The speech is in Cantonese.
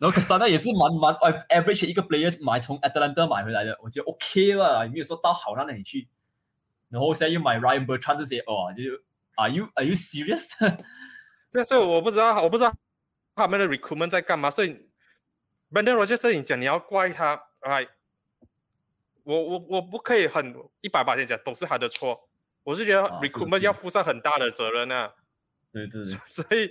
然後 Castagne 也是蠻蠻 average 一個 player 買從 Atalanta 買回來的，我覺得 OK 啦，沒有說到好到那裏去。然後現在又買 Ryan Bertrand，就哦，就 Are you Are you serious？對，所以我不知道，我不知道他們嘅 recruitment 在幹嘛。所以 Brendan 羅傑森，你講你要怪他，我我我不可以很一百巴仙講，都是他的錯。我是覺得 recruitment 要負上很大的責任啊。啊對，對對。所以。